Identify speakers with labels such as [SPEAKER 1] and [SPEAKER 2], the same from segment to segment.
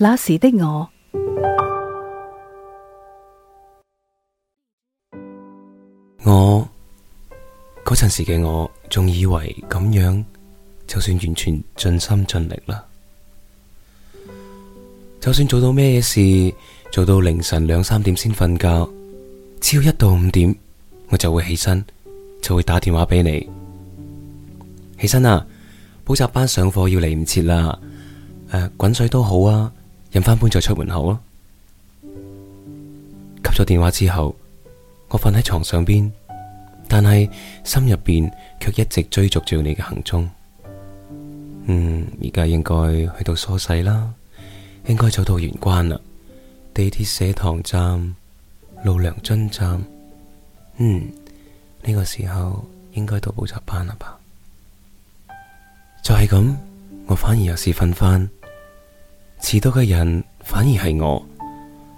[SPEAKER 1] 那時的我，我那時的
[SPEAKER 2] 我，我嗰陣時嘅我，仲以為咁樣就算完全盡心盡力啦。就算做到咩事，做到凌晨兩三點先瞓覺，只要一到五點，我就會起身，就會打電話俾你。起身啦，補習班上課要嚟唔切啦。啊，滾水都好啊。飲翻杯再出門口咯。接咗電話之後，我瞓喺床上邊，但係心入邊卻一直追逐住你嘅行蹤。嗯，而家應該去到梳洗啦，應該走到玄關啦。地鐵社堂站、路良津站。嗯，呢、這個時候應該到補習班啦吧？就係、是、咁，我反而又是瞓翻。遲到嘅人反而係我，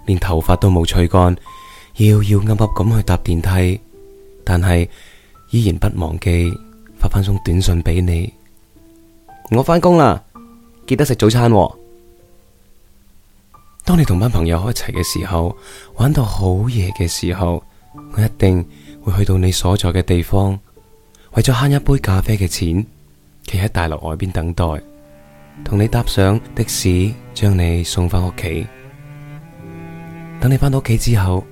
[SPEAKER 2] 連頭髮都冇吹乾，搖搖岌岌咁去搭電梯，但係依然不忘記發翻封短信俾你。我翻工啦，記得食早餐哦。當你同班朋友一齊嘅時候，玩到好夜嘅時候，我一定會去到你所在嘅地方，為咗慳一杯咖啡嘅錢，企喺大樓外邊等待。同你搭上的士，將你送翻屋企。等你翻到屋企之後，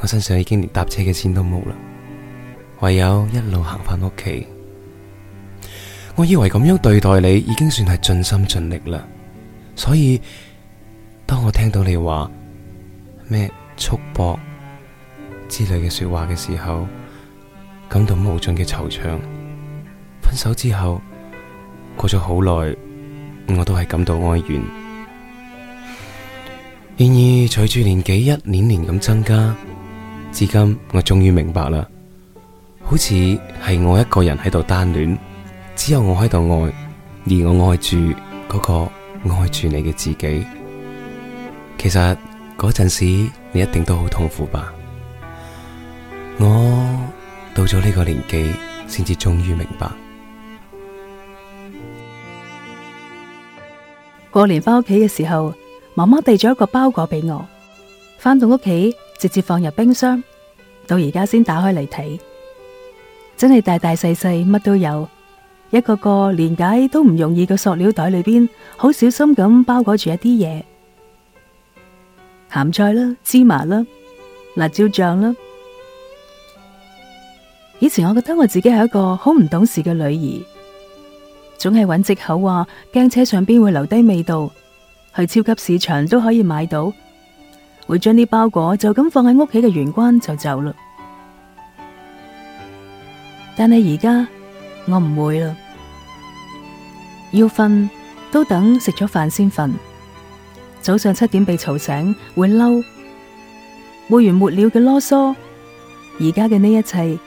[SPEAKER 2] 我身上已經連搭車嘅錢都冇啦，唯有一路行翻屋企。我以為咁樣對待你，已經算係盡心盡力啦。所以，當我聽到你話咩束縛之類嘅說話嘅時候，感到無盡嘅惆悵。分手之後，過咗好耐。我都係感到哀怨，然而隨住年紀一年年咁增加，至今我終於明白啦，好似係我一個人喺度單戀，只有我喺度愛，而我愛住嗰個愛住你嘅自己。其實嗰陣時你一定都好痛苦吧？我到咗呢個年紀，先至終於明白。
[SPEAKER 1] 過年翻屋企嘅時候，媽媽遞咗一個包裹俾我，翻到屋企直接放入冰箱，到而家先打開嚟睇，真係大大細細乜都有，一個個連解都唔容易嘅塑料袋裏面，好小心咁包裹住一啲嘢，鹹菜啦、芝麻啦、辣椒醬啦。以前我覺得我自己係一個好唔懂事嘅女兒。總係揾借口話驚車上邊會留低味道，去超級市場都可以買到。會將啲包裹就咁放喺屋企嘅玄關就走啦。但係而家我唔會啦，要瞓都等食咗飯先瞓。早上七點被吵醒會嬲，沒完沒了嘅囉嗦。而家嘅呢一切，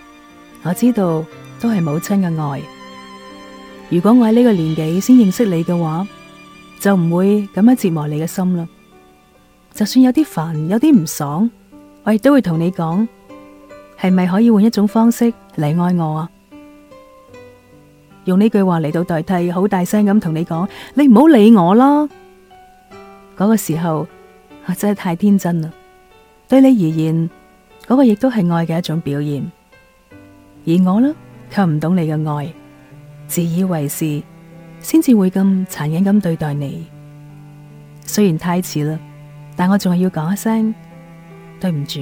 [SPEAKER 1] 我知道都係母親嘅愛。如果我喺呢個年紀先認識你嘅話，就唔會咁樣折磨你嘅心啦。就算有啲煩，有啲唔爽，我亦都會同你講，係咪可以換一種方式嚟愛我啊？用呢句話嚟到代替，好大聲咁同你講，你唔好理我啦。嗰個時候，我真係太天真啦。對你而言，嗰個亦都係愛嘅一種表現，而我呢，卻唔懂你嘅愛。自以為是，先至會咁殘忍咁對待你。雖然太遲啦，但我仲係要講一聲，對唔住。